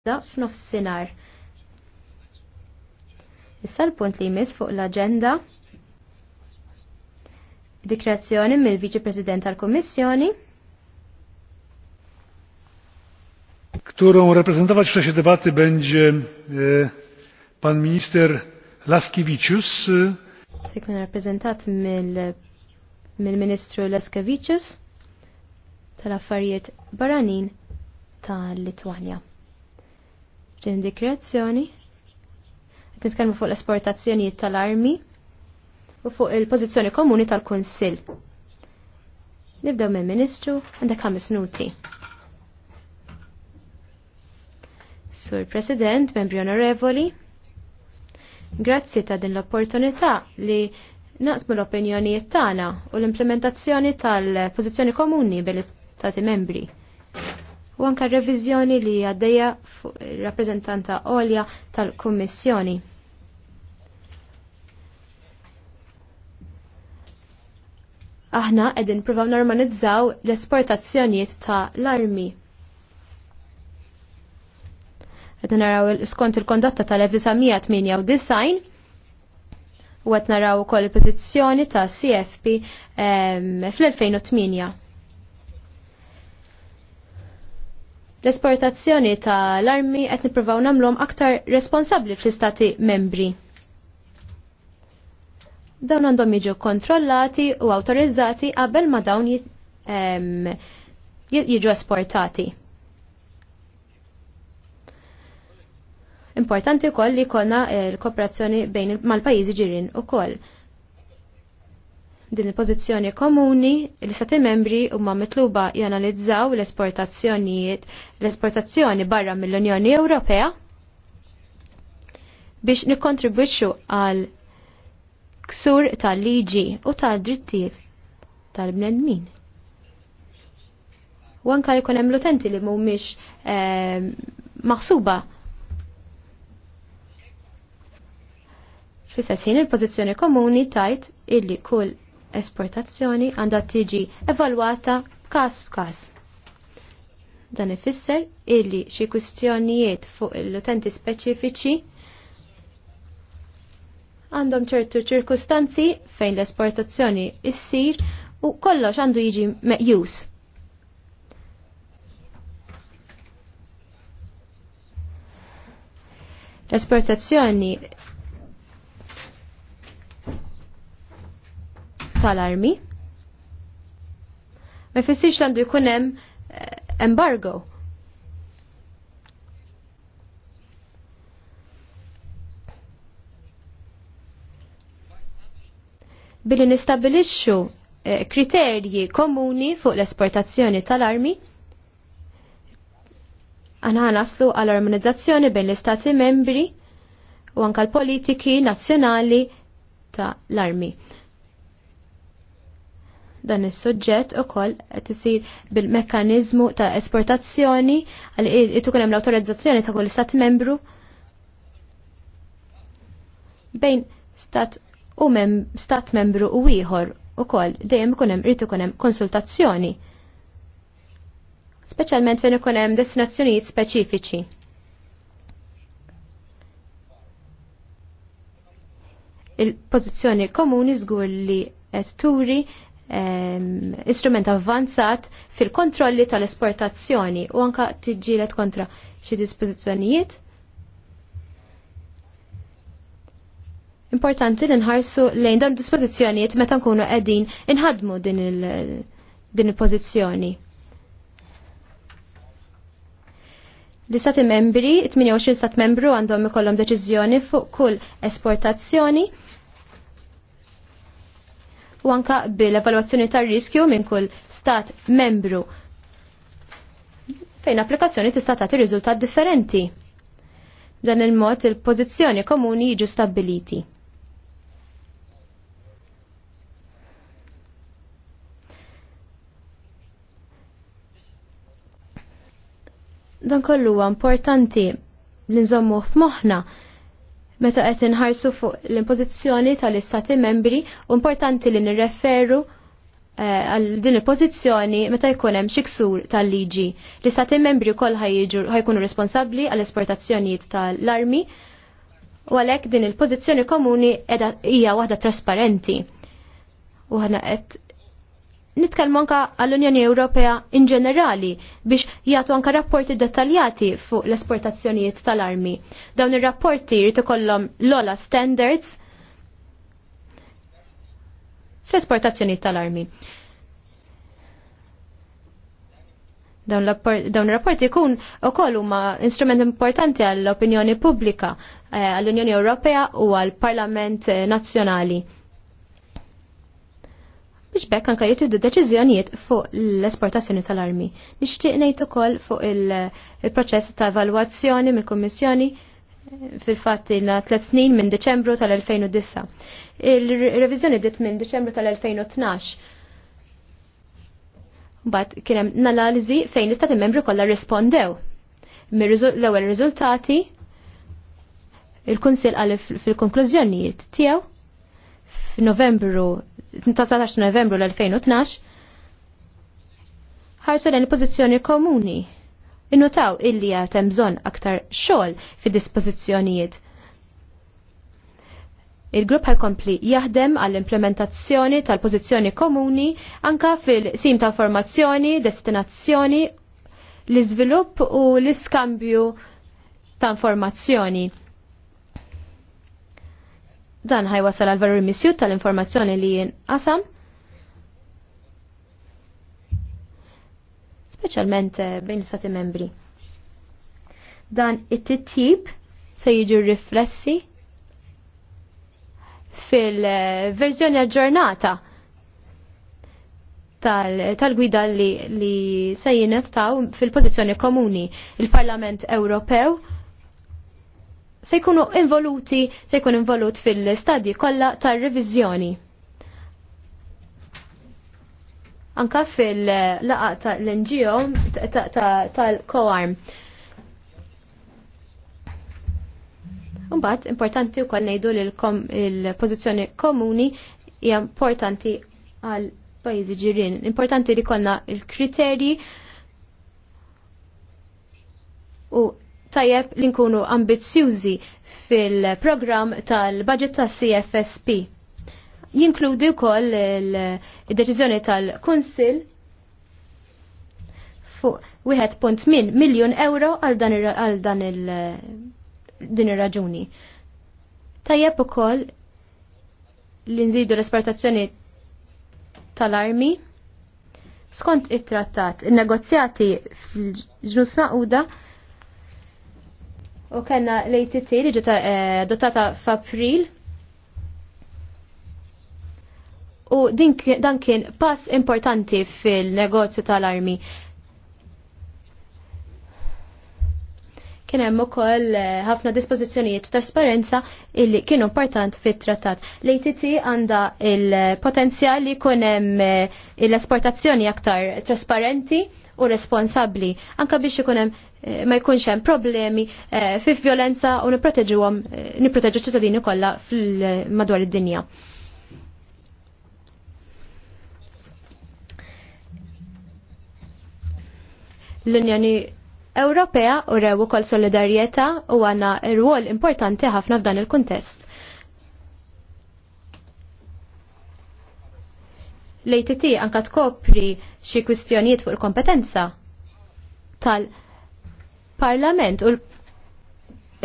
f'nofs f'nofsinhar. Issa l-punt li jmiss fuq l-aġenda dikrazzjoni mill-Viċi President tal-Kommissjoni. Kturu reprezentować w czasie debaty będzie e, pan minister Laskiewicz. Tkun reprezentat mill-Ministru Laskiewicz tal-affarijiet baranin tal litwania din dikreazzjoni. nitkellmu fuq l-esportazzjonijiet tal-armi u fuq il-pożizzjoni komuni tal-Kunsill. Nibdew minn Ministru għandek ħames minuti. Sur President, membri onorevoli, grazzi ta' din l-opportunità li naqsmu l-opinjonijiet tagħna u l-implementazzjoni tal-pożizzjoni komuni bil-Stati membri u anka revizjoni li għaddeja rappresentanta Olja tal-Kummissjoni. Aħna edin provaw normalizzaw l-esportazzjonijiet ta' l-armi. Edin naraw skont il-kondotta tal-1998 u għet naraw kol il-pozizjoni ta' CFP fl-2008. l-esportazzjoni ta' l-armi qed nippruvaw nagħmluhom aktar responsabbli fl-istati membri. Dawn għandhom jiġu kontrollati u awtorizzati qabel ma dawn jiġu esportati. Importanti wkoll li jkollna eh, l-kooperazzjoni bejn mal-pajjiżi ġirien ukoll din il-pożizzjoni komuni li stati membri huma mitluba janalizzaw l-esportazzjonijiet l-esportazzjoni barra mill-Unjoni Ewropea biex nikkontribwixxu għal ksur tal-liġi u tal-drittijiet tal-bnedmin. U anka jkun hemm l-utenti li mhumiex eh, maħsuba fl-istess il-pożizzjoni komuni tajt illi kull esportazzjoni għandha tiġi evalwata kas f'każ. Dan ifisser illi xi kwistjonijiet fuq l-utenti speċifiċi għandhom ċertu ċirkustanzi fejn l-esportazzjoni issir u kollox għandu jiġi meqjus. L-esportazzjoni tal-armi. Ma jfissirx għandu jkun hemm eh, embargo. Billi nistabilixxu eh, kriterji komuni fuq l-esportazzjoni tal-armi għana naslu għal-armonizzazzjoni bejn l-istati membri u anka l-politiki nazzjonali ta' l-armi dan is-suġġett ukoll qed isir bil-mekkaniżmu ta' esportazzjoni għal itukun hemm l-awtorizzazzjoni ta' kull stat membru bejn stat u mem stat membru u ieħor ukoll dejjem ikun hemm irid ikun hemm konsultazzjoni. Speċjalment fejn ikun hemm destinazzjonijiet speċifiċi. il-pozizjoni komuni żgur li qed turi instrument avvanzat fil-kontrolli tal-esportazzjoni u anka tiġġielet kontra xi dispożizzjonijiet. Importanti li nħarsu lejn dawn dispożizzjonijiet meta nkunu qegħdin inħadmu din il-pożizzjoni. L-istati membri, 28 stat membru għandhom ikollhom deċiżjoni fuq kull esportazzjoni u anka bil-evalwazzjoni tar-riskju minn kull stat membru fejn applikazzjoni tista' tagħti riżultat differenti. Dan il-mod il-pożizzjoni komuni jiġu stabbiliti. Dan kollu huwa importanti li nżommu f'moħħna Meta qed inħarsu fuq l-impożizzjoni tal-istati membri, importanti li nirreferru eh, għal din il-pożizzjoni meta jkun hemm xi ksur tal-liġi. L-istati membri wkoll ħajkunu responsabbli għall esportazzjonijiet tal-armi u għalhekk din il-pożizzjoni komuni hija waħda trasparenti. U ħana qed nitkellmu anka għall-Unjoni Ewropea in ġenerali biex jagħtu anka rapporti dettaljati fuq l-esportazzjonijiet tal-armi. Dawn ir-rapporti jrid ikollhom l-ola standards fl-esportazzjonijiet tal-armi. Dawn ir rapporti jkun ukoll huma instrument importanti għall-opinjoni pubblika, eh, għall-Unjoni Ewropea u għall-Parlament eh, Nazzjonali biex bekk anka jittieħdu deċiżjonijiet fuq l-esportazzjoni tal-armi. Nixtieq ngħid ukoll fuq il-proċess ta' evalwazzjoni mill-Kummissjoni eh, fil-fatt ilna tliet snin minn Deċembru tal-2009. Il-reviżjoni bdiet minn Deċembru tal-2012. Mbagħad kien hemm analiżi fejn l-istati membri kollha rispondew. L-ewwel riżultati il-Kunsill għal fil-konklużjonijiet tiegħu f'Novembru 13 novembru l-2012 ħarsu l pożizzjoni komuni. Innutaw illi għatem bżon aktar xogħol fi dispozizjonijiet. Il-grupp ħajkompli jaħdem għall-implementazzjoni tal-pożizzjoni komuni anka fil-sim ta' formazzjoni, destinazzjoni, l-iżvilupp u l-iskambju ta' informazzjoni. Dan ħajwasal għal veru missju tal-informazzjoni li jinqasam. Speċjalment eh, bejn l-Stati membri. Dan it-tip se jiġu riflessi fil-verżjoni aġġornata tal-gwida tal li, li se jinetaw fil-pozizjoni komuni. Il-Parlament Ewropew se jkunu involuti, se jkun involut fil-stadji kollha tar revizjoni Anka fil-laqa tal-NGO tal-COARM. Umbat, importanti u koll nejdu li l-pozizjoni komuni hija importanti għal pajizi ġirin. Importanti li konna il-kriterji u tajjeb li nkunu ambizzjużi fil-programm tal-budget tas-CFSP. Jinkludi wkoll il-deċiżjoni tal-Kunsill fuq 1.8 miljon euro għal dan għal dan il din ir-raġuni. Tajjeb ukoll li nżidu l-esportazzjoni tal-armi skont it-trattat, il negozjati fil-ġnus maquda u kena l-ATT li ġeta eh, dotata f'April. U dan kien pass importanti fil-negozju tal-armi. Kien hemm ukoll eh, ħafna dispożizzjonijiet trasparenza illi kienu important fit-trattat. L-ATT għandha il-potenzjal li jkun hemm eh, l-esportazzjoni aktar trasparenti u responsabbli anka biex ikunem eh, ma jkunx hemm problemi eh, fi violenza u nipproteġuhom eh, nipproteġu ċittadini kollha madwar id-dinja. L-Unjoni Ewropea u rew ukoll solidarjetà u għandna rwol importanti ħafna f'dan il-kuntest. l-ATT anka tkopri xi kwistjonijiet fuq il-kompetenza tal-Parlament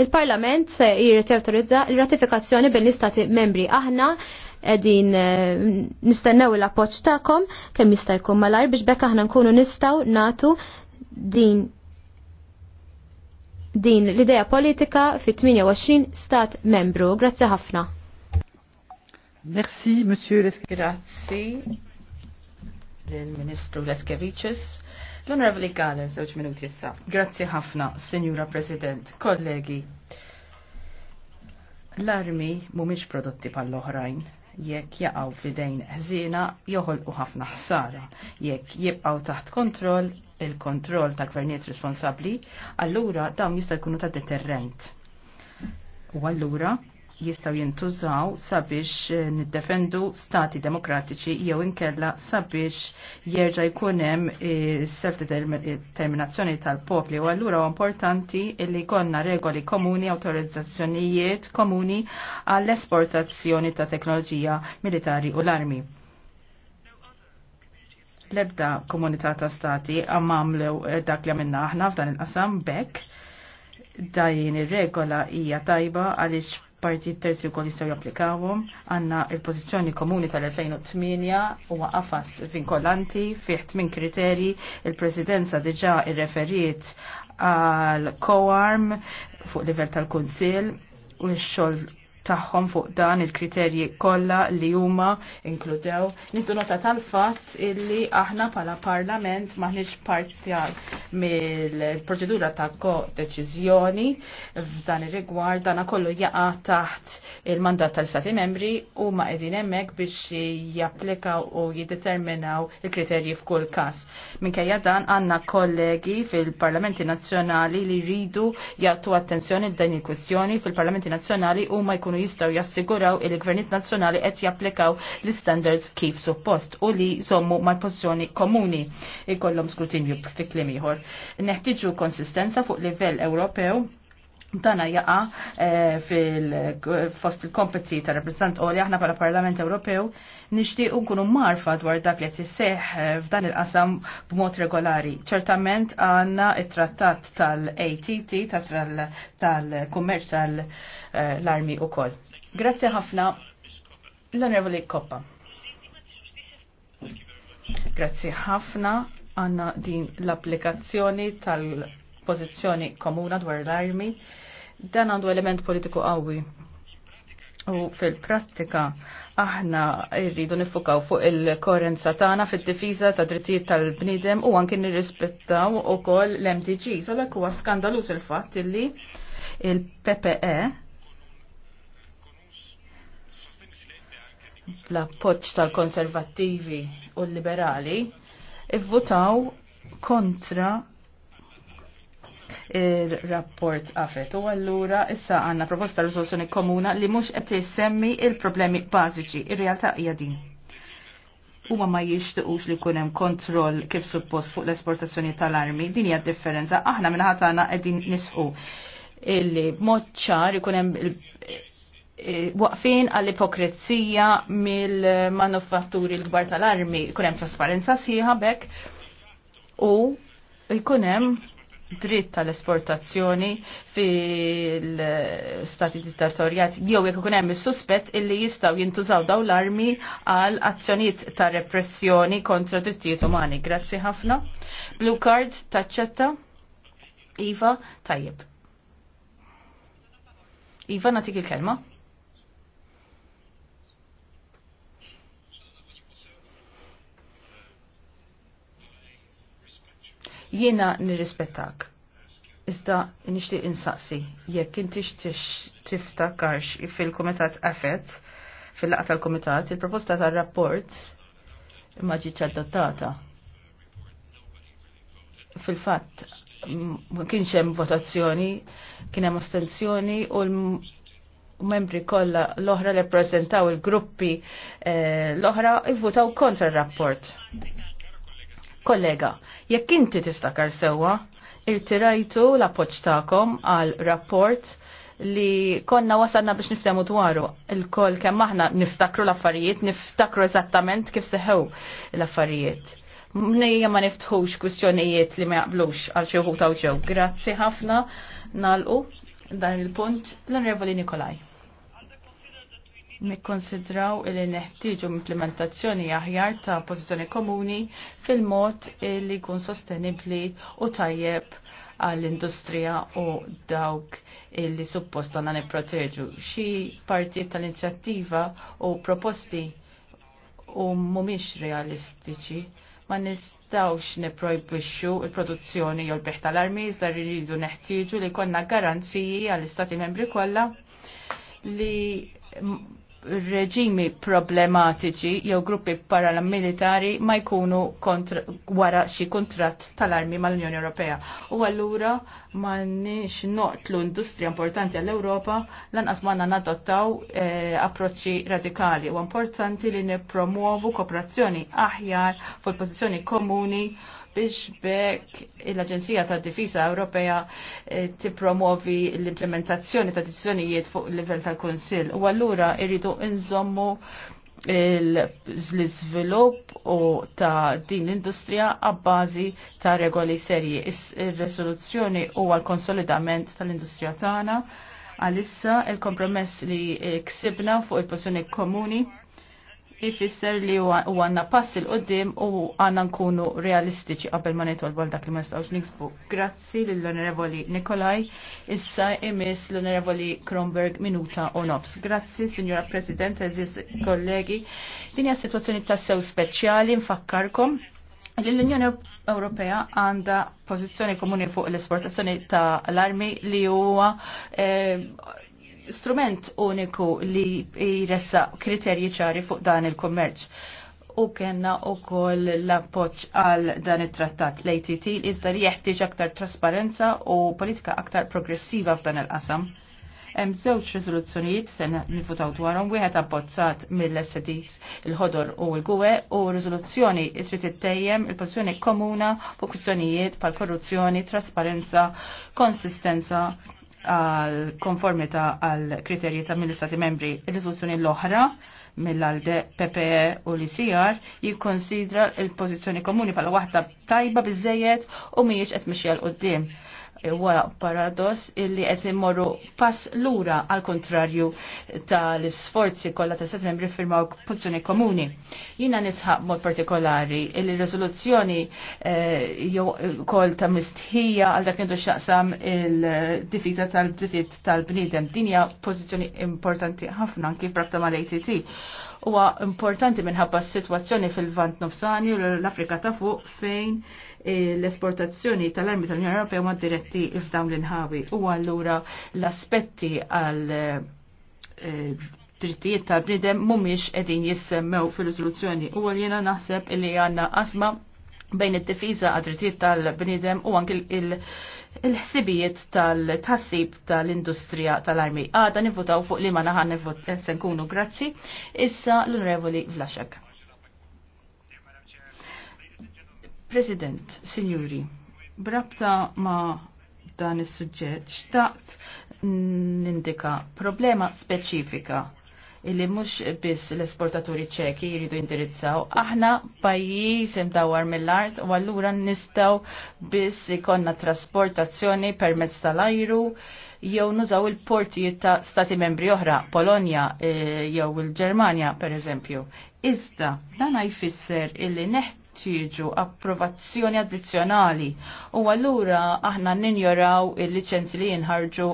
il-Parlament se jirrit jautorizza l-ratifikazzjoni bil-istati membri. Aħna edin eh, nistennew l-appoċ ta'kom kemm jista' jkun malajr biex bekk aħna nkunu nistaw natu din din l-ideja politika fit 28 stat membru. Grazzi ħafna. Merci, Monsieur Grazie, del ministru Leskevicius. L-Onorevoli Galler, zewġ minuti issa. Grazzi ħafna, Signora President, kollegi. L-armi mumiex prodotti pal-oħrajn jekk jaqaw fidejn ħżina joħolqu ħafna ħsara. Jekk jibqaw taħt kontroll il-kontroll ta' gvernijiet responsabbli, allura dawn jista' jkunu ta' deterrent. U allura jistaw jintużaw sabiex eh, niddefendu stati demokratiċi jew inkella sabiex jerġa' jkun hemm eh, self-determinazzjoni tal-popli u allura importanti li konna regoli komuni, autorizzazzjonijiet komuni għall-esportazzjoni ta' teknoloġija militari u l-armi. L-ebda komunità ta' stati għamamlew eh, dak li għamilna aħna f'dan il-qasam bekk dajin ir-regola hija tajba għaliex partit terzi wkoll jistgħu japplikawhom. Għandna l pożizzjoni komuni tal-2008 huwa qafas vinkolanti fih minn kriterji il-Presidenza diġà irreferiet għal COARM fuq livell tal-Kunsill u x-xogħol tagħhom fuq dan il-kriterji kollha li huma inkludew. Nittu nota tal-fatt illi aħna pala parlament maħniex partjal mill-proċedura ta' ko deċizjoni f'dan ir-rigward dana kollu jaqa' taħt il-mandat tal-Stati membri u ma qegħdin hemmhekk biex japplikaw u jiddeterminaw il-kriterji f'kull każ. Minkejja dan għandna kollegi fil-Parlamenti Nazzjonali li jridu jagħtu attenzjoni d-dan il-kwestjoni fil-Parlamenti Nazzjonali u ma jkunu jkunu jistaw jassiguraw il gvernit nazzjonali qed japplikaw l-standards kif suppost u li sommu mal pozzjoni komuni ikollhom skrutinju fi klim ieħor. Neħtieġu konsistenza fuq livell Ewropew Dana jaqa eh, fil-fost il kompetzi ta' rappresentant oli aħna pala Parlament Ewropew nixtieq unkunu marfa dwar dak li tisseħ eh, f'dan il-qasam b'mod regolari. Ċertament għandna il trattat tal-ATT tal-kummerċ tal-armi eh, ukoll. Grazzi ħafna l-Onorevoli Koppa. Grazzi ħafna għanna din l-applikazzjoni tal- pożizzjoni komuna dwar l-armi dan għandu element politiku qawwi. U fil-prattika aħna rridu nifukaw fuq il-korenza tagħna fid-difiża ta' drittijiet tal-bniedem u anke nirrispettaw ukoll l-MDGs. Għalhekk huwa skandalus il-fatt illi il-PPE l-appoġġ tal-konservattivi u l-liberali ivvutaw kontra il-rapport għafet. U għallura issa għanna proposta risoluzzjoni komuna li mux qed semmi il-problemi bażiċi. Ir-realtà hija din huma ma jixtiqux li jkun hemm kontroll kif suppost fuq l-esportazzjoni tal-armi. Din hija differenza. Aħna minn ħadd għandna qegħdin nisqu illi mod ċar ikun hemm eh, waqfin għall-ipokrezija mill-manufatturi l-kbar tal-armi, jkun hemm trasparenza siħabek u jkun hemm dritt tal-esportazzjoni fil-stati dittatorjat jew jekk ikun hemm is-suspett illi jistgħu jintużaw daw l-armi għal azzjonijiet ta' repressjoni kontra drittijiet umani. Grazzi ħafna. Blue card taċċetta? Iva, tajjeb. Iva, natik il-kelma. Jiena nirrispettak. Iżda nixtieq insaqsi jekk inti tiftakarx fil-Kumitat Afet fil-laqgħa tal-Kumitat il-proposta tar-rapport ma ġietx adottata. Fil-fatt ma kienx hemm votazzjoni, kien hemm astenzjoni u l-membri kollha l-oħra li prezentaw il-gruppi eh, l-oħra ivvutaw kontra r-rapport. Kollega, jekk inti tiftakar sewwa, irtirajtu l-appoġġ tagħkom għal rapport li konna wasalna biex niftemu dwaru. Il-kol kemm aħna niftakru l-affarijiet, niftakru eżattament kif seħew l-affarijiet. Nejja ma niftħux kwistjonijiet li ma jaqblux għal xi wħud ġew. Grazzi ħafna nalqu dan il-punt l-Onorevoli Nikolaj nikkonsidraw li neħtieġu implementazzjoni aħjar ta' pożizzjoni komuni fil-mod li jkun sostenibbli u tajjeb għall-industrija u dawk li suppost għandna nipproteġu. Xi parti tal-inizjattiva u proposti u mhumiex realistiċi ma nistawx niprojbixxu il-produzzjoni jew l-beħ tal-armi iżda rridu neħtieġu li konna garanziji għall-istati membri kollha li reġimi problematiċi jew gruppi paramilitari ma jkunu wara xi kontratt tal-armi mal-Unjoni Ewropea. U allura m'għandniex noqtlu industrija importanti għall-Ewropa lanqas ma għandna nadottaw eh, approċċi radikali u importanti li nippromuovu kooperazzjoni aħjar fuq il-pożizzjoni komuni biex bekk l-Aġenzija ta' Difiża Ewropea eh, tippromovi l-implementazzjoni ta' deċiżjonijiet fuq livell tal-Kunsill. U allura irridu nżommu l-izvilupp u ta' din l-industrija għabbażi ta' regoli serji. Ir-resoluzzjoni u għal-konsolidament tal-industrija tagħna għalissa il-kompromess li eh, ksibna fuq il-pozzjoni komuni jifisser li u għanna pass il-qoddim u għanna nkunu realistiċi qabel ma nitolbu għal dak li ma nistgħux niksbu. Grazzi lill-Onorevoli Nikolaj, issa imis l-Onorevoli Kronberg minuta u nofs. Grazzi, Signora President, eżis kollegi. Dinja situazzjoni ta' sew speċjali nfakkarkom L-Unjoni Ewropea għandha pożizzjoni komuni fuq l-esportazzjoni ta' l-armi li huwa eh, strument uniku li jressa kriterji ċari fuq dan il-kommerċ. U kena u koll l-appoċ għal dan il-trattat l-ATT iżda li jeħtieġ aktar trasparenza u politika aktar progressiva f'dan il-qasam. Hemm żewġ riżoluzzjonijiet se nifutaw dwarhom wieħed abbozzat mill-SDs il-ħodor u l-gwe u riżoluzzjoni trid ittejjem il-pożizzjoni komuna fuq kwistjonijiet bħal korruzzjoni, trasparenza, konsistenza, konformita għal kriterji ta' mill-Istati membri. Il-rizoluzzjoni l-oħra mill-ALDE PPE u l-ICR jikkonsidra il-pozizjoni komuni pala waħda tajba bizzejiet u miex qed mixjel qudiem. Huwa paradoss illi qed immorru pass lura għal kontrarju tal-isforzi kollha ta' set membri firmaw pozzjoni komuni. Jina nisħaq mod partikolari illi riżoluzzjoni eh, ukoll ta' mistħija għal dak intu xaqsam il-difiża tal-bditiet tal-bniedem. Din hija pożizzjoni importanti ħafna anki prakta mal-ATT huwa importanti minħabba s-sitwazzjoni fil-vant nofsani u l-Afrika ta' fuq fejn l-esportazzjoni tal-armi tal-Unjoni Ewropea ma diretti f'dawn l-inħawi. U allura l-aspetti għal eh, drittijiet tal-bnidem mhumiex qegħdin jissemmew fil-riżoluzzjoni. U jiena naħseb li għandna qasma bejn id-difiża għad drittijiet tal-bnidem u għank il- il-ħsibijiet tal-tassib tal-industrija tal-armi. Għada nivvotaw fuq li ma naħan se nkunu grazzi. Issa l-onorevoli Vlaxek. President, Signori, brabta ma dan is suġġett xtaqt nindika problema speċifika illi mhux biss l-esportaturi ċeki jridu indirizzaw. Aħna pajjiż imdawar mill-art u allura nistgħu biss ikonna trasportazzjoni permezz tal-ajru jew nużaw il-portijiet ta' stati membri oħra, Polonja eh, jew il-Ġermanja per eżempju. Iżda dan jfisser illi neħt tiġu approvazzjoni addizzjonali u allura aħna ninjoraw il licenzi li jinħarġu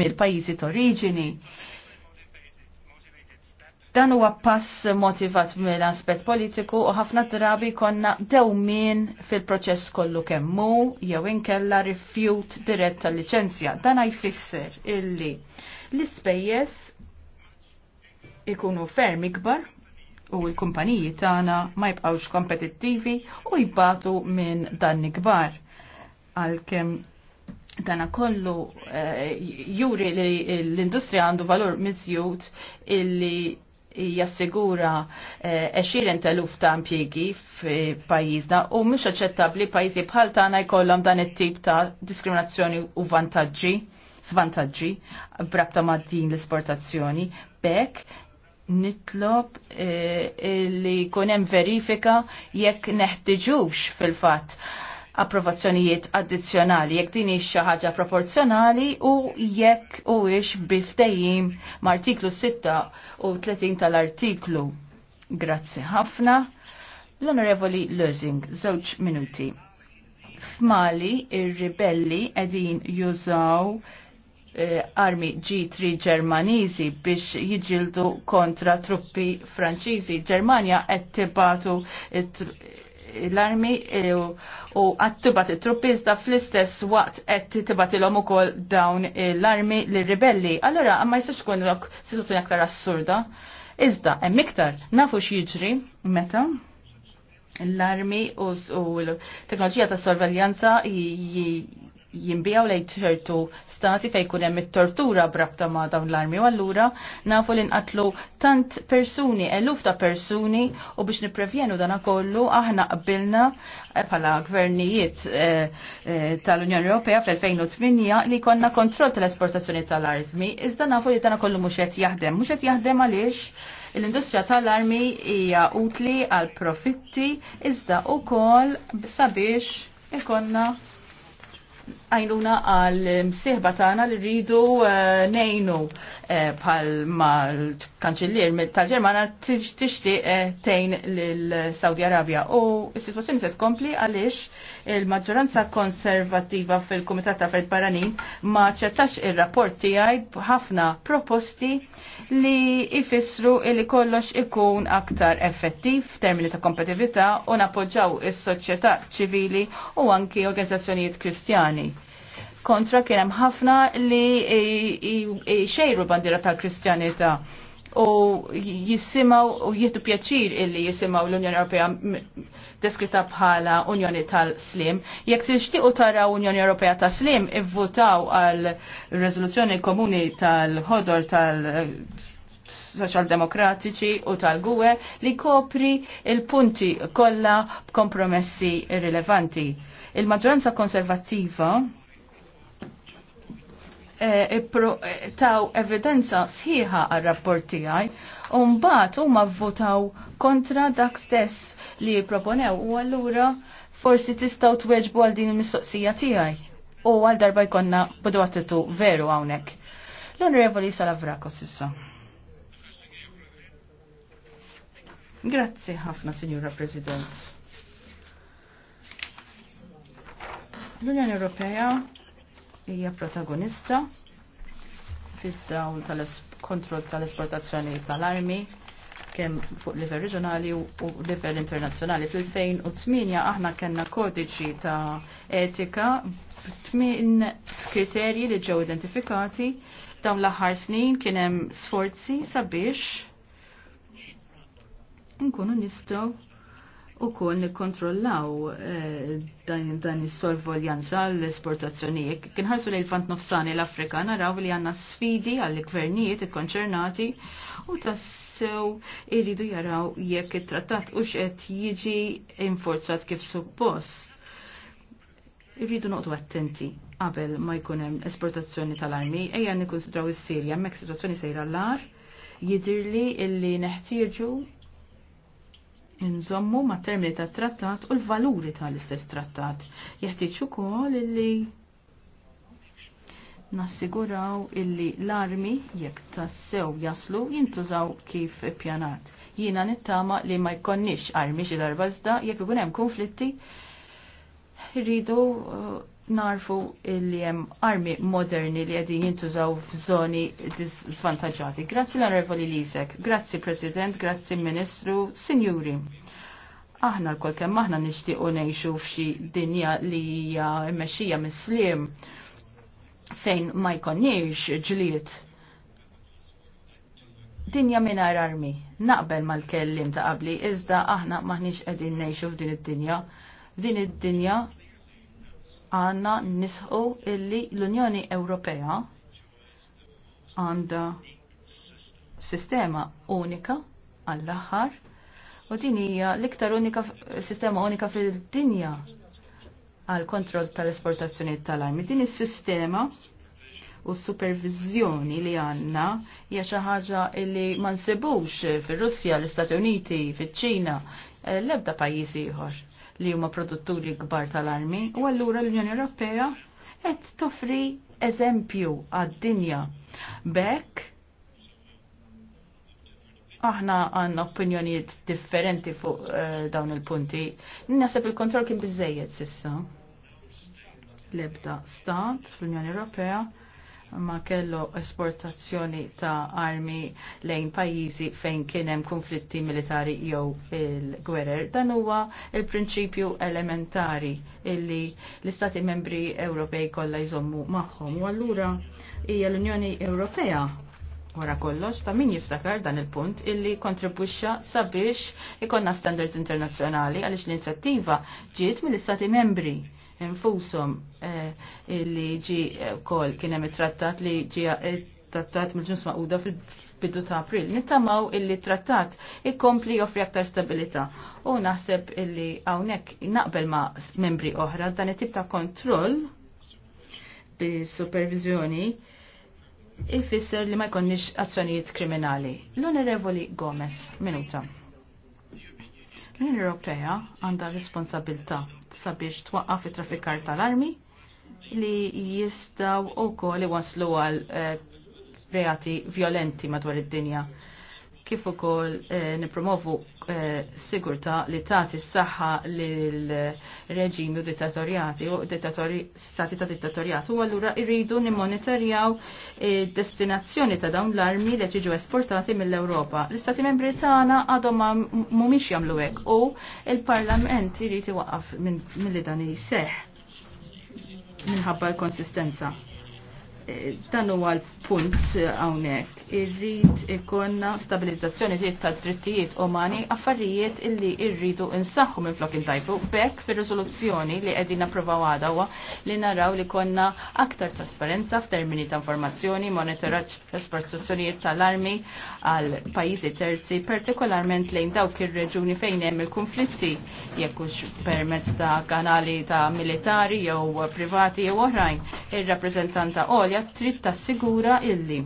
mill-pajjiżi t-oriġini. Dan huwa pass motivat mill-aspett politiku u ħafna drabi konna dewmin fil-proċess kollu kemmu jew inkella rifjut dirett tal-liċenzja. Dan jfisser illi l-ispejjeż ikunu ferm ikbar u l-kumpaniji tagħna ma jibqgħux kompetittivi u jibbatu minn dan kbar. Għalkemm dana kollu eh, juri li l-industrija għandu valur miżjud illi jassigura eċirin eh, teluf ta' impjiegi f'pajjiżna u mhux aċċettabbli pajjiżi bħal tagħna jkollhom dan it-tip ta' diskriminazzjoni u vantaġġi svantaġġi brabta ma' din l-esportazzjoni bekk nitlob eh, li kunem verifika jekk neħtiġux fil-fat approvazzjonijiet addizzjonali jekk din hix xi ħaġa proporzjonali u jekk huwiex biftejjim mal-artiklu 6 u 30 tal-artiklu. Grazzi ħafna. L-Onorevoli Lösing, żewġ minuti. F'Mali ir-ribelli qegħdin jużaw Eh, armi G3 Ġermaniżi biex jiġildu kontra truppi Franċiżi. L-Ġermania qed tibatu l-armi eh, u għad tibat it-truppi iżda fl-istess waqt qed tibat ilhom ukoll dawn l-armi l ribelli Allura ma jistax ikun situazzjoni aktar assurda. Iżda hemm iktar nafu x'jiġri meta l-armi u l-teknoloġija ta' sorveljanza jimbijaw lejt ċertu stati fejn hemm it-tortura brabta ma' dawn l-armi u allura nafu li nqatlu tant persuni, eluf ta' persuni u biex niprevjenu dana kollu aħna qbilna eh, bħala gvernijiet eh, eh, tal-Unjoni Ewropea fl-2008 li konna kontroll tal-esportazzjoni tal-armi, iżda nafu li dana kollu mhux qed jaħdem, mhux qed jaħdem għaliex l-industrija tal-armi hija utli għal profitti iżda wkoll sabiex ikonna għajnuna għal msiħba tagħna li rridu eh, nejnu bħal eh, mal kanċellier tal-Ġermana tixtieq eh, tejn lil Saudi Arabja u s-sitwazzjoni se tkompli għaliex il-maġġoranza konservattiva fil-Kumitat ta' Fred Barranin ma ċettax ir-rapport tiegħi b'ħafna proposti li ifissru li kollox ikun aktar effettiv f'termini ta' kompetitività u napoġġaw is-soċjetà ċivili u anki organizzazzjonijiet kristjani kontra kien hemm ħafna li xejru bandira tal-Kristjanità u jissimaw u jieħdu pjaċir illi jissimaw l-Unjoni Ewropea deskritta bħala Unjoni tal-Slim. Jekk tixtiequ tara Unjoni Ewropea tal-Slim, ivvutaw għal rezoluzzjoni komuni tal-ħodor tal- soċjaldemokratiċi u tal-gwe li kopri il-punti kollha b'kompromessi rilevanti. Il-maġġoranza konservattiva E, e, e, taw evidenza sħiħa għal rapport tiegħi u mbagħad huma vvotaw kontra dak stess li proponew u allura forsi tistgħu tweġbu għal din il-mistoqsija tiegħi u għal darba jkollna għattitu veru hawnhekk. L-Onorevoli Salavrakos s'issa. Grazzi ħafna, Signora President. L-Unjoni Ewropea hija protagonista fid-dawl tal-kontroll tal-esportazzjoni tal-armi kemm fuq livell reġjonali u livell internazzjonali. Fl-2008 aħna kellna kodiċi ta' etika b'tmien kriterji li ġew identifikati dawn l-aħħar snin kien hemm sforzi sabiex nkunu nistgħu u kol nikkontrollaw eh, dan, dan is-sorvoljanza l-esportazzjonijiet. Kien ħarsu lejn fant nofsani l-Afrika naraw li għandna sfidi għall-gvernijiet ikkonċernati u tassew iridu jaraw jekk it-trattat u x'qed jiġi inforzat kif suppost. Irridu noqtu attenti qabel ma jkun hemm esportazzjoni tal-armi, ejja nikkonsidraw is-Sirja hemmhekk situazzjoni sejra l-ar, jidirli illi neħtieġu ninżommu ma' termini ta' trattat u l-valuri tal-istess trattat. Jeħtieġ ukoll illi nassiguraw illi l-armi jekk tassew jaslu jintużaw kif ippjanat. Jiena nittama li ma jkonniex armi xi darba jekk ikun hemm konflitti rridu uh, narfu li hemm armi moderni li qegħdin jintużaw f'żoni disvantaġati. Grazzi l-Onorevoli Lisek, grazzi President, grazzi Ministru, Sinjuri. Aħna l-kol kemm aħna nixtiequ ngħixu f'xi dinja li hija mmexxija mis-sliem fejn ma jkonniex ġlied dinja mingħajr armi. Naqbel mal-kellim ta' qabli, iżda aħna maħniex qegħdin ngħixu f'din id-dinja. Din id-dinja għanna nisħu illi l-Unjoni Ewropea għanda sistema unika għall-aħħar u din hija l-iktar unika sistema unika fil-dinja għal kontroll tal-esportazzjoni tal-armi. Din is-sistema u supervizjoni li għanna hija xi ħaġa li ma nsibux fir-Russja, l-Istati Uniti, fiċ-Ċina, eh, l-ebda pajjiż ieħor li huma produtturi kbar tal-armi u allura l-Unjoni Ewropea qed toffri eżempju għad-dinja. Bekk aħna għanna opinjonijiet differenti fuq uh, dawn il-punti. Naseb il-kontroll kien biżejjed sissa. Lebda stat fl-Unjoni Ewropea ma kello esportazzjoni ta' armi lejn pajjiżi fejn kien hemm konflitti militari jew il-gwerer. Dan huwa il-prinċipju elementari illi l-Istati membri Ewropej kollha jżommu magħhom. U allura hija l-Unjoni Ewropea wara kollox ta' min jiftakar dan il-punt illi kontribwixxa sabiex ikonna standards internazzjonali għaliex l-inizjattiva ġiet mill-Istati membri Infusom eh, li ġi eh, wkoll kien hemm it-trattat li ġi eh, trattat mill-ġuns maquda fil-bidu ta' april. Nittamaw illi trattat ikkompli joffri aktar stabilita. U naħseb illi hawnhekk naqbel ma' membri oħra dan it-tip ta' kontroll bi supervizjoni ifisser li ma jkonniex azzjonijiet kriminali. L-Onorevoli Gomez, minuta. L-Unjoni Ewropea għandha responsabilità sabiex twaqqaf it-traffikar tal-armi li jistaw u li waslu għal eh, reati violenti madwar id-dinja. Kif ukoll eh, nipromovu sigurta li tagħti s-saħħa lil reġimi u dittatorjati u stati ta' dittatorjati U allura irridu nimmonitorjaw eh, destinazzjoni ta' dawn l-armi li ġiġu esportati mill-Ewropa. L-Istati Membri tagħna għadhom mhumiex jagħmlu hekk u il-Parlament irid iwaqqaf milli dan jiseħ minħabba l-konsistenza dan huwa l-punt hawnhekk. Irrid ikonna stabilizzazzjoni tiet ta' drittijiet umani affarijiet illi rridu insaħħu minn flok intajbu bekk fir-riżoluzzjoni li qegħdin napprovaw għada huwa li naraw li konna aktar trasparenza f'termini ta' informazzjoni, monitoraġġ l-esportazzjonijiet tal-armi għal pajjiżi terzi, partikolarment lejn dawk ir-reġuni fejn hemm il-konflitti jekk hux permezz ta' kanali ta' militari jew privati jew oħrajn. Ir-rappreżentanta Oli Komunitarja trid tassigura illi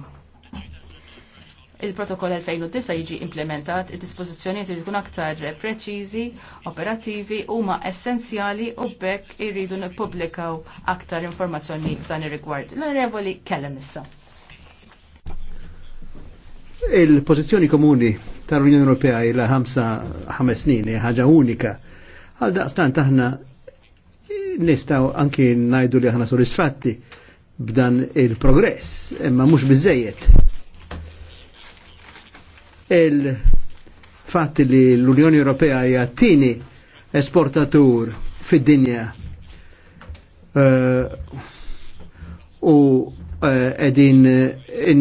il-protokoll 2009 jiġi implementat, id-dispożizzjonijiet jtri tkun aktar preċiżi, operattivi huma essenzjali u bekk irridu nippubblikaw aktar informazzjoni f'dan ir-rigward. L-onorevoli kellem issa. Il-pożizzjoni komuni tal-Unjoni Ewropea il ħamsa ħames snin ħaġa unika. Għal daqstant aħna nistaw anki najdu li aħna soddisfatti b'dan il-progress, imma mhux biżejjed. Il-fatt li l-Unjoni Ewropea hija tini esportatur fid-dinja uh, u uh, edin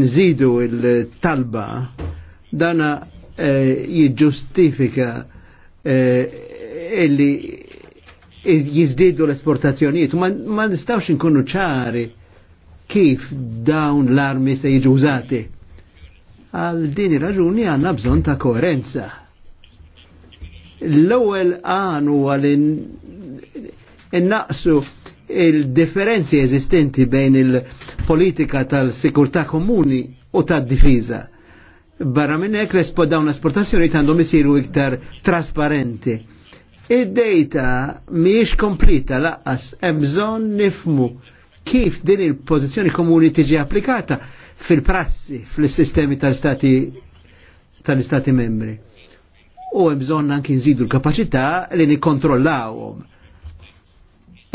nżidu il-talba dana uh, jiġġustifika illi jizdidu l-esportazzjonijiet, ma nistawx nkunu ċari kif dawn l-armi se jiġu użati. Għal din raġuni għanna bżon ta' koerenza. L-ewwel għanu għal innaqsu il-differenzi eżistenti bejn il-politika tal-sikurtà komuni u tad-difiża. Barra minn hekk l dawn l-esportazzjoni għandhom isiru iktar trasparenti. Id-data mhijiex komplita laqqas hemm bżonn nifmu kif din il-pozizjoni komuni tiġi applikata fil-prassi, fil-sistemi tal-stati tal-istati membri. U hemm bżonn anki nżidu l-kapaċità li nikkontrollawhom.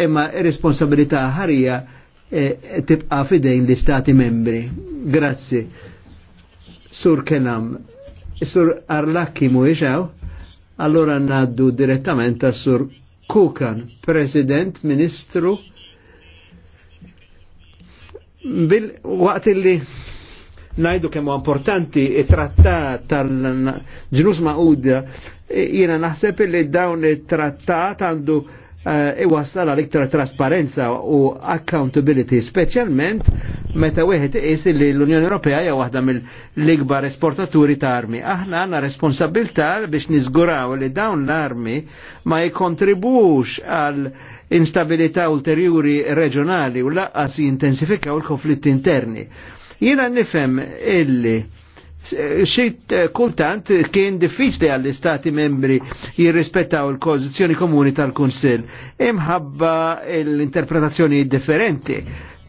Imma ir-responsabilità ħarija e, tibqa' fidejn l-istati membri. Grazzi. Sur Kenam, Sur Arlakki mhuwiex allora ngħaddu direttament għas Sur Kukan, President, Ministru Waqt li najdu kemmu importanti it-trattat tal-ġnus ma'ud jiena naħseb li dawn it-trattat għandu eh, iwassal għal iktar trasparenza u accountability, specialment meta wieħed is li l-Unjoni Ewropea hija waħda mill-ikbar esportaturi ta' armi. Aħna għandna responsabilità biex niżguraw li dawn l-armi ma jikontribux għal instabilità ulteriori reġjonali u laqqas jintensifikaw il-konflitti interni. Jiena nifhem illi xit kultant kien diffiċli għall-istati membri jirrispettaw il-kozizjoni komuni tal kunsill imħabba l-interpretazzjoni differenti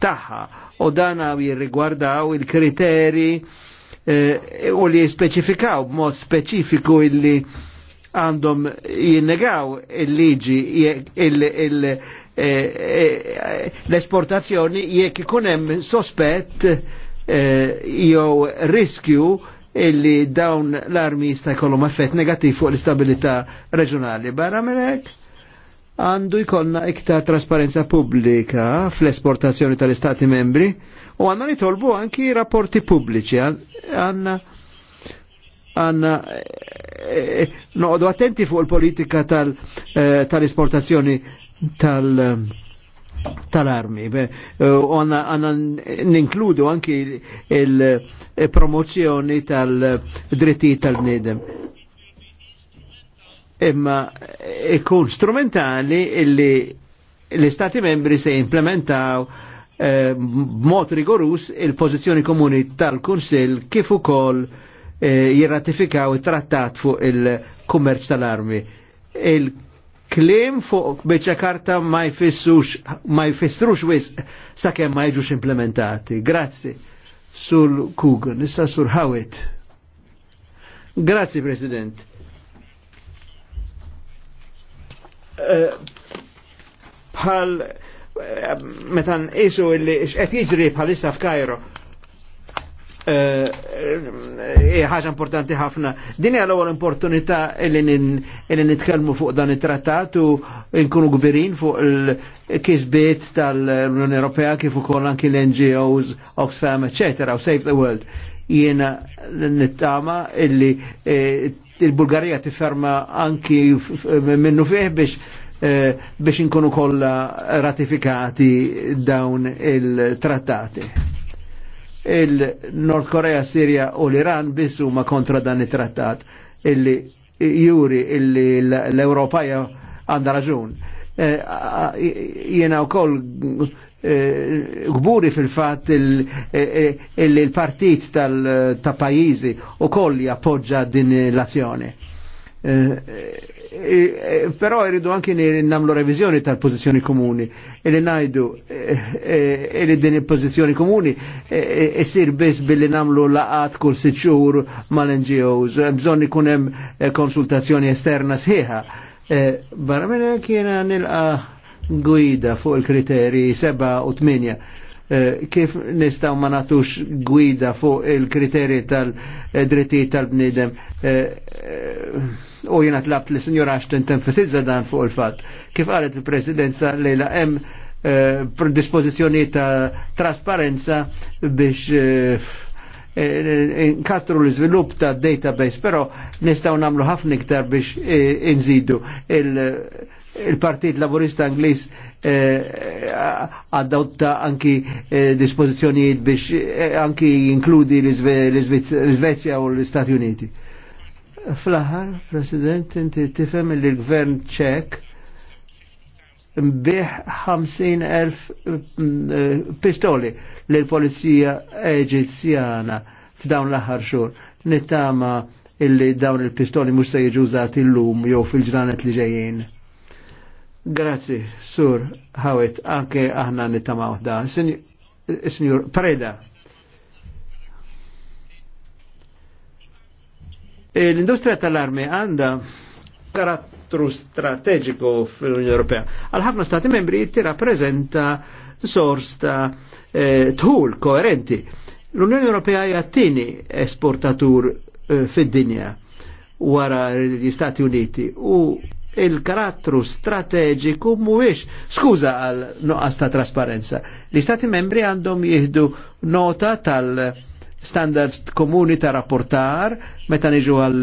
tagħha u dana jirrigwardaw il-kriteri eh, u li speċifikaw b'mod speċifiku illi għandhom jinnegaw il-liġi eh, eh, l-esportazzjoni jekk ikun hemm sospett eh, jew riskju illi dawn l-armi jista' jkollhom effett negattiv fuq l-istabilità reġjonali. Barra minn hekk għandu jkollna iktar trasparenza pubblika fl-esportazzjoni tal-Istati membri u għanna nitolbu anki rapporti pubbliċi għanna għanna Eh, noqdu attenti fuq il-politika eh, tal-esportazzjoni tal, tal, eh, tal-armi. Għanna ninkludu anki il-promozzjoni tal dritti tal-bnedem. Imma ikun strumentali illi l stati membri se implementaw b'mod rigorus il-pożizzjoni komuni tal-Kunsill kif ukoll Eh, jirratifikaw it-trattat fuq il-kummerċ tal-armi. Il-klim fuq beċa karta ma jfissrux wis sakemm ma jġux implementati. Grazzi. Sul Kugan, issa sur Hawit. Grazzi, President. Eh, bħal, eh, metan isu illi xqed jiġri bħalissa f'Kajro Eh, eh, ħaġa importanti ħafna. Din hija l-ewwel opportunità li nitkellmu fuq dan it-trattat u nkunu gbirin fuq il-kisbiet tal-Unjoni Ewropea kif ukoll anki l-NGOs, Oxfam, eċetera, u Save the World. Jiena nittama illi eh, il-Bulgarija tifferma anki minnu fih biex biex inkunu kollha ratifikati dawn il-trattati il-Nord Korea, Sirja u l-Iran bissu ma kontra dan it-trattat illi juri illi l-Ewropaja għanda raġun. Eh, jena u kol eh, gburi fil-fat eh, illi l partit tal-pajizi u koll jappoġġa din l-azzjoni. Eh, eh, però irridu anki namlu revizjoni tal-pozizjoni komuni. Illi e najdu illi eh, e din il-pozizjoni komuni isir bis billi namlu laqat kull siċur mal-NGOs. Bżon ikun hemm konsultazzjoni esterna sħiħa. Barra minn kiena nilqa' guida fuq il-kriteri 7 u 8 Eh, kif nistaw ma natux gwida fuq il-kriteri tal-dritti tal-bnidem eh, eh, u jina tlabt li signor Ashton tenfisizza dan fuq il-fat kif għalet il-presidenza lejla em dispozizjoni ta' trasparenza biex nkattru l-izvilup ta' database, pero nistaw namlu ħafna iktar biex inżidu il- il-Partit Laburista Anglis għaddotta eh, eh anki eh, biex eh, anki jinkludi l-Svezja u l-Stati Uniti. Fl-aħħar, President, inti tifhem li l-Gvern ċek mbieħ 50.000 eh, pistoli l-Polizija Eġizzjana f'dawn l-aħħar xhur. Nittama illi dawn il-pistoli mhux se jiġużati llum jew fil-ġranet li ġejjin. Grazie, sur, ħawet, anke aħna nittamaw da. Eh, Signor, preda. Eh, L-industrija tal-armi għanda karattru strategiku fil-Unjoni Ewropea. Għal ħafna stati membri rappresenta sors ta' eh, tħul koerenti. L-Unjoni Ewropea jattini esportatur fid-dinja wara l-Istati Uniti u il-karattru strateġiku mhuwiex skuża għal noqqas ta' trasparenza. L-Istati membri għandhom jihdu nota tal- standards komuni ta' rapportar meta niġu għal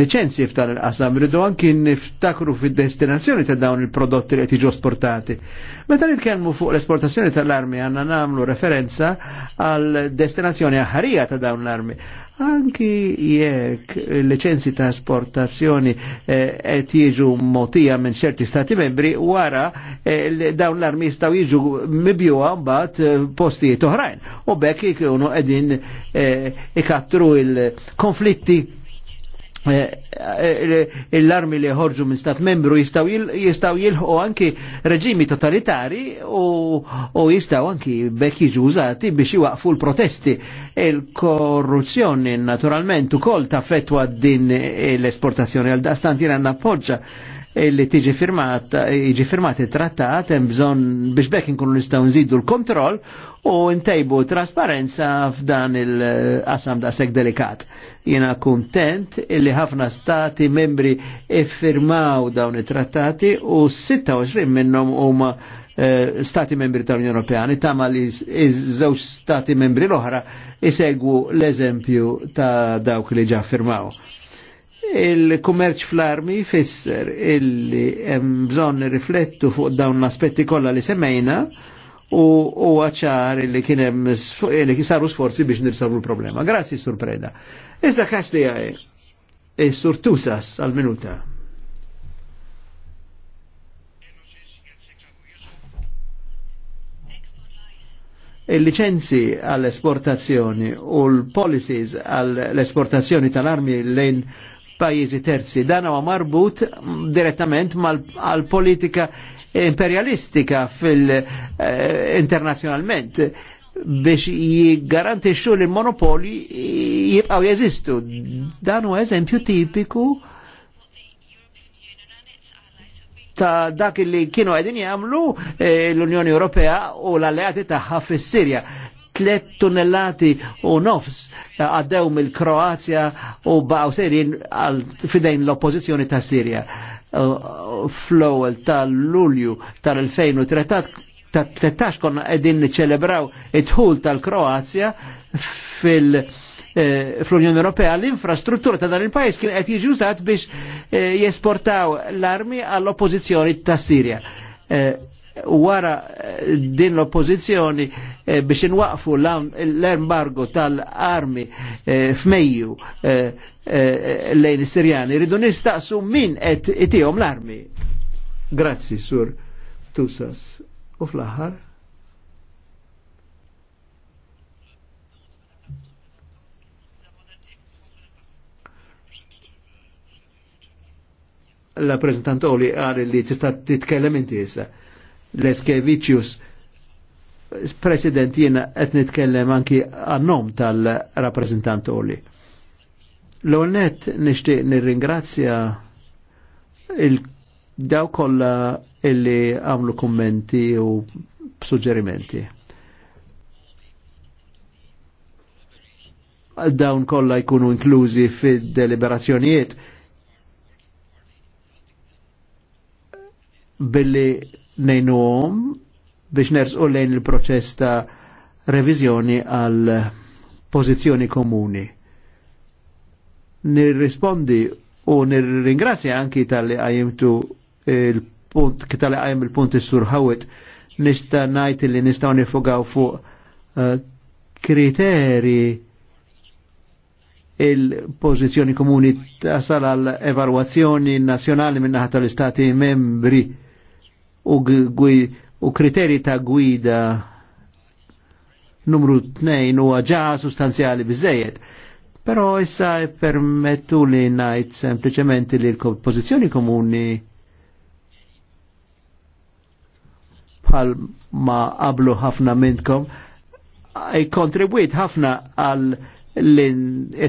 licenzji f'dan il-qasam, rridu anki niftakru fid-destinazzjoni ta' dawn il-prodotti li tiġu sportati. Meta nitkellmu fuq l-esportazzjoni tal-armi għanna namlu referenza għal destinazzjoni aħarija ta' dawn l-armi. Anki jekk licenzji ta' esportazzjoni eh, qed jiġu motija minn ċerti stati membri wara eh, dawn l-armi jistgħu jiġu mibjuha mbagħad eh, postijiet oħrajn. U bekk ikunu qegħdin ikattru il-konflitti Eh, eh, eh, l-armi li ħorġu minn stat membru jistaw jilħu anki reġimi totalitari u jistaw anki bekki ġużati biex jwaqfu l-protesti. Il-korruzzjoni naturalment u kol ta' fetwa din l-esportazzjoni għal dastant jina nappoġġa li tiġi firmat, iġi firmat il-trattat, bżon biex bekk nkunu nistaw nżidu l-kontroll u ntejbu trasparenza f'dan il-qasam da' sek delikat. Jena kontent illi ħafna stati membri iffirmaw dawn it-trattati u 26 minnom huma eh, stati membri tal-Unjoni Ewropea, nittama li żewġ stati membri l-oħra isegwu l-eżempju ta' dawk li ġa firmaw. Il-kummerċ fl-armi fisser illi hemm bżonn riflettu fuq dawn l-aspetti kollha li semmejna u għacċar li kienem eh, li kisaru sforzi biex nirsolvu l-problema. Grazzi, Sur Preda. Issa kax li għaj, e Sur Tusas għal-minuta. il-licenzi e għall-esportazzjoni u l-policies għall-esportazzjoni tal-armi lejn pajjiżi terzi dan huwa marbut direttament mal-politika imperialistika fil-internazjonalment eh, biex jgarantixxu li l monopoli jibqaw jeżistu. Dan huwa eżempju tipiku ta' dak li kienu għedin jagħmlu eh, l-Unjoni Ewropea u l-alleati tagħha fis-Sirja. Tlet tunnellati u nofs għaddew mill-Kroazja u baqgħu serin fidejn l oppozizjoni ta' Sirja. Uh, fl-ewwel tal-Lulju tal-2013 ta' 13 konna qegħdin niċċelebraw it-ħul tal-Kroazja fil- eh, fl-Unjoni Ewropea l-infrastruttura ta' dan il-pajis kien qed jiġi użat biex eh, jesportaw l-armi għall-oppożizzjoni tas-Sirja Eh, wara eh, din l-oppozizjoni eh, biex inwaqfu l-embargo tal-armi f'Mejju lejn is-Sirjani, rridu nistaqsu min qed itihom l-armi. Grazzi, Sur Tusas. U fl-aħħar. la prezentant Oli għal li tista' titkellem inti L'Eske Vicius, President, jiena qed nitkellem anki għannom tal-rappresentant Oli. L-onet nixtieq nirringrazzja il daw kollha illi għamlu kummenti u suġġerimenti. Dawn kollha jkunu inklużi fid-deliberazzjonijiet billi għom biex nersqu lejn il-proċess ta' revizjoni għal pożizzjoni komuni. Nirrispondi u nirringrazzja anki tal-li għajimtu il-punt, tal-li għajim il-punt is-surħawet nista najt li nistaw nifugaw fuq uh, kriteri il-pozizjoni komuni tasal għal evaluazzjoni nazjonali minnaħat tal-istati membri u, u kriteri ta' gwida numru 2 u ġa sustanzjali biżejjed. Pero issa permettu li najt sempliciment li l-pozizjoni komuni bħal ma qablu ħafna minnkom eh, kontribwit ħafna għal l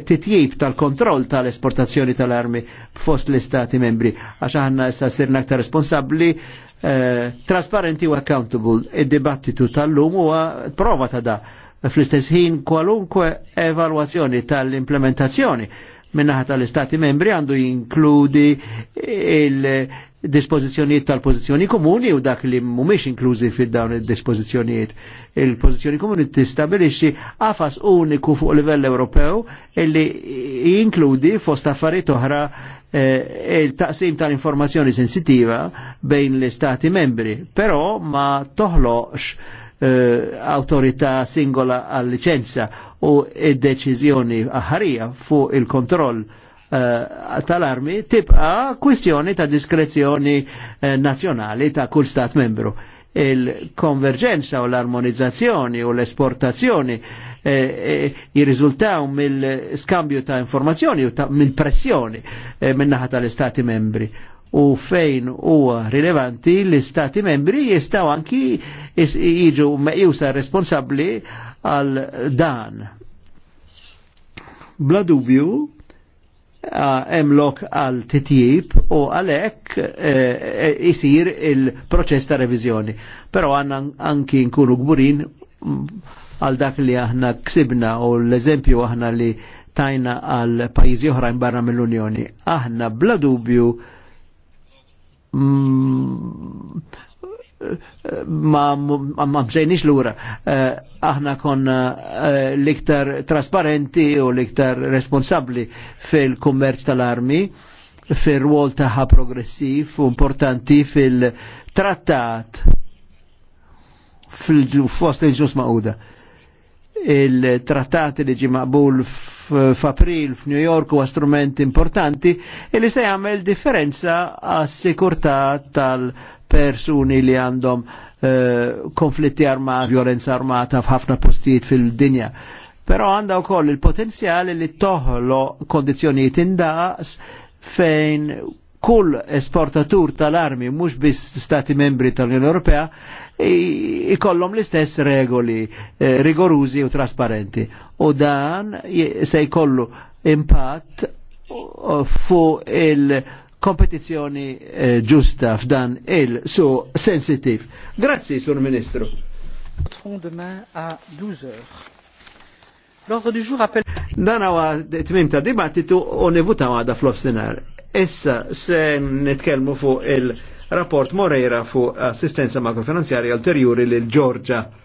tittjib tal-kontroll tal-esportazzjoni tal-armi fost l-istati membri, għax ħanna issa sirna aktar responsabli Eh, trasparenti u accountable. Id-dibattitu tal-lum huwa prova ta' da fl-istess ħin kwalunkwe evalwazzjoni tal-implementazzjoni minnaħat tal-Istati membri għandu jinkludi il-dispozizjoniet tal-pozizjoni komuni u dak li mumiex inklużi fid dawn il-dispozizjoniet. Il-pozizjoni komuni t-istabilixi għafas uniku fuq livell Ewropew illi jinkludi fost affarijiet oħra E, il-taqsim tal-informazzjoni sensitiva bejn l-istati membri, però ma toħloqx Eh, autorità singola għal licenza u id-deċiżjoni aħarija fuq il-kontroll eh, tal-armi tibqa kwistjoni ta' diskrezzjoni eh, nazjonali ta' kull stat membru il-konverġenza u l-armonizzazzjoni u l-esportazzjoni eh, jirriżultaw mill-skambju ta' informazzjoni u mill-pressjoni minnaħa tal-Istati membri u fejn huwa rilevanti l-istati membri jistaw anki jiġu meqjusa responsabli għal dan. Bla dubju, hemm lok għal titjib u għalhekk e, e, isir il-proċess ta' revizjoni. Però għandna anki nkunu gburin għal dak li aħna ksibna u l-eżempju aħna li tajna għal pajjiżi oħrajn barra mill-Unjoni. Aħna bla dubju Mm, ma ma mżejnix lura. Eh, aħna konna eh, liktar trasparenti u liktar responsabli fil-kummerċ tal-armi, fil-rwol taħħa progressiv u importanti fil-trattat fil-fost il-ġus ma'uda il trattati li ġi maqbul f'April f'New York huwa strument importanti e li se jagħmel differenza għas sikurtà tal-persuni li għandhom eh, konflitti armati, violenza armata f'ħafna postijiet fil-dinja. Però għandha wkoll il-potenzjal li toħlo kondizzjonijiet indaqs fejn kull esportatur tal-armi mhux biss stati membri tal-Unjoni Ewropea ikollom l-istess regoli eh, rigorużi u trasparenti. U dan se jkollu impatt fu il-kompetizzjoni eh, ġusta f'dan il-su sensitiv. Grazzi, Sur Ministru. L'ordre du jour appelle... Dan għawa tmim ta' dibattitu u nivuta għada fl-ofsinar. Issa se nitkelmu fuq il- rapport Moreira fu assistenza makrofinanzjarja ulteriori lil Giorgia.